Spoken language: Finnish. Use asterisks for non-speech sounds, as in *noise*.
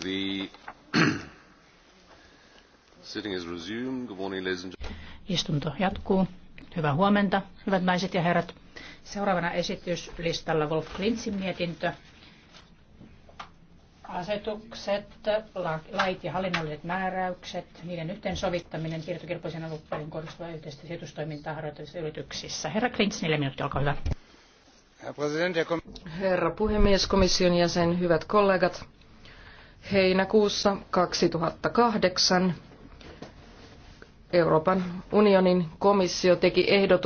The *clears throat* sitting is resumed. Good morning, ladies and Istunto jatkuu. Hyvää huomenta, hyvät naiset ja herrat. Seuraavana esityslistalla Wolf Klintzin mietintö. Asetukset, lait ja hallinnolliset määräykset, niiden yhteensovittaminen tietokirpoisen alueen kohdistuvaa yhteistä sijoitustoimintaa harjoittavissa yrityksissä. Herra Klintz, neljä minuuttia, olkaa hyvä. Herra puhemies, komission jäsen, hyvät kollegat heinäkuussa 2008 Euroopan unionin komissio teki ehdotuksen